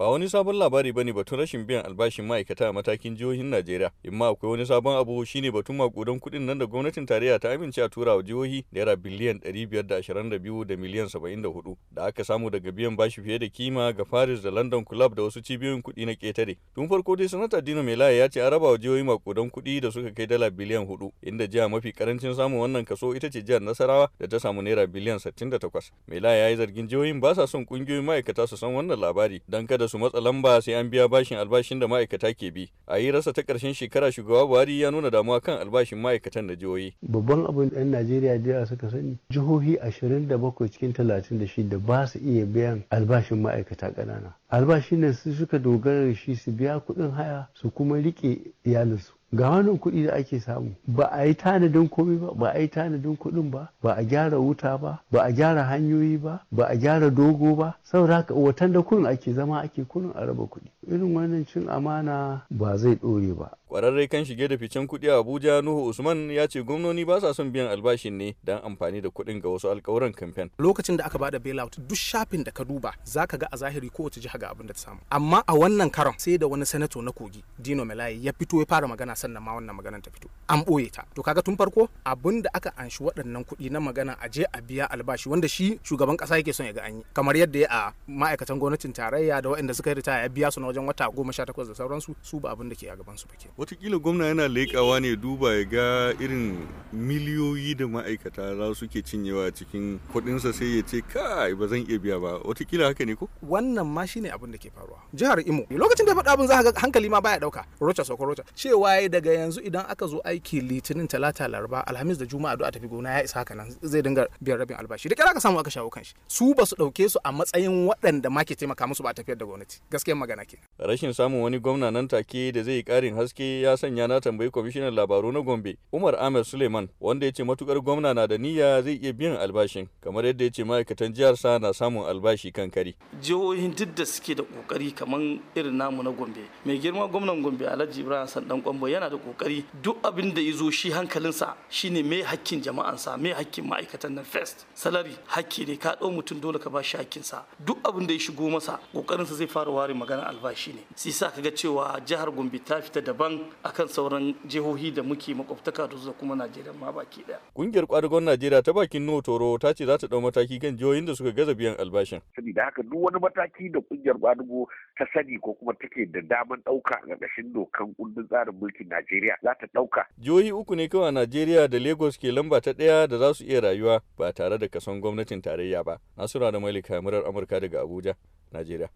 ba wani sabon labari bane batun rashin biyan albashin ma'aikata a matakin jihohin Najeriya in ma akwai wani sabon abu shine batun makudan kuɗin nan da gwamnatin tarayya ta amince a tura wa jihohi naira biliyan 522 da miliyan 74 da aka samu daga biyan bashi fiye da kima ga Paris da London Club da wasu cibiyoyin kuɗi na ketare tun farko dai sanata Dino Melaye ya ce an raba wa jihohi makudan kuɗi da suka kai dala biliyan 4 inda jiha mafi karancin samun wannan kaso ita ce jihar Nasarawa da ta samu naira biliyan 68 Melaye ya yi zargin jihohin ba sa son kungiyoyin ma'aikata su san wannan labari don kada su matsa lamba sai an biya bashin albashin da ma'aikata ke bi a yi rasa ta karshen shekara shugaba buhari ya nuna damuwa kan albashin ma'aikatan da jihohi babban abin da 'yan najeriya jiya suka sani jihohi 27 cikin 36 ba su iya biyan albashin ma'aikata ƙanana albashin nan su suka dogara shi su biya kuɗin haya su kuma riƙe iyalinsu ga wani kuɗi da ake samu ba a yi tanadin komai ba ba a yi tanadin kuɗin ba ba a gyara wuta ba ba a gyara hanyoyi ba ba a gyara dogo ba saboda haka watan da kurin ake zama ake kurin a raba kuɗi irin wannan cin amana ba zai ɗore ba. Kwararre kan shige da ficen kuɗi a Abuja Nuhu Usman ya ce gwamnoni ba sa son biyan albashin ne don amfani da kuɗin ga wasu alkawuran kamfen. Lokacin da aka bada bailout duk shafin da ka duba za ka ga a zahiri ko kowace jiha ga abin da ta samu. Amma a wannan karon sai da wani sanato na kogi Dino Melaye ya fito ya fara magana sannan ma wannan maganar ta fito. An ɓoye ta. To kaga tun farko abin da aka anshi waɗannan kuɗi na magana a je a biya albashi wanda shi shugaban ƙasa yake son ya ga an yi. Kamar yadda ya a ma'aikatan gwamnatin tarayya da waɗanda suka yi ritaya ya biya su na wajen wata goma sha takwas da sauransu su ba abin da ke a gaban su ba ke. Watakila gwamna yana leƙawa ne duba ya ga irin miliyoyi da ma'aikata za su ke cinyewa cikin kudinsa sai ya ce kai ba zan iya biya ba watakila haka ne ko wannan ma shine abin da ke faruwa jihar imo lokacin da faɗa abin za ga hankali ma baya dauka rocha soko rocha cewa daga yanzu idan aka zo aiki litinin talata laraba alhamis da juma'a do a tafi gona ya isa haka nan zai dinga biyan rabin albashi da kira ka samu aka shawo kan shi su ba su ɗauke su a matsayin waɗanda ma ke taimaka musu ba tafiyar da gwamnati gaskiyar magana ke rashin samun wani gwamna nan take da zai yi karin haske ya sanya na tambayi kwamishinan labaru na gombe umar ahmed suleiman Usman wanda ya ce matukar gwamna na da niyya zai iya biyan albashin kamar yadda ya ce ma'aikatan jihar sa na samun albashi kan kari. Jihohin duk da suke da kokari kamar irin namu na Gombe mai girma gwamnan Gombe Alhaji Ibrahim ɗan Kwambo yana da kokari duk abin da ya zo shi hankalinsa shine mai hakkin jama'ansa mai hakkin ma'aikatan nan first salari hakki ne ka dau mutum dole ka ba shi hakkinsa duk abin da ya shigo masa kokarinsa zai fara ware magana albashi ne sai sa kaga cewa jihar Gombe ta fita daban akan sauran jihohi da muke makwabtaka da kuma Najeriya wajen ma baki daya. Kungiyar kwadagon Najeriya ta bakin Notoro ta ce za ta dau mataki kan jihohin da suka gaza biyan albashin. Saboda haka duk wani mataki da kungiyar kwadago ta sani ko kuma take da daman ɗauka a ƙarƙashin dokan kundin tsarin mulkin Najeriya za ta dauka. Jihohi uku ne kawai Najeriya da Lagos ke lamba ta ɗaya da za su iya rayuwa ba tare da kason gwamnatin tarayya ba. Nasura da malik Murar Amurka daga Abuja, Najeriya.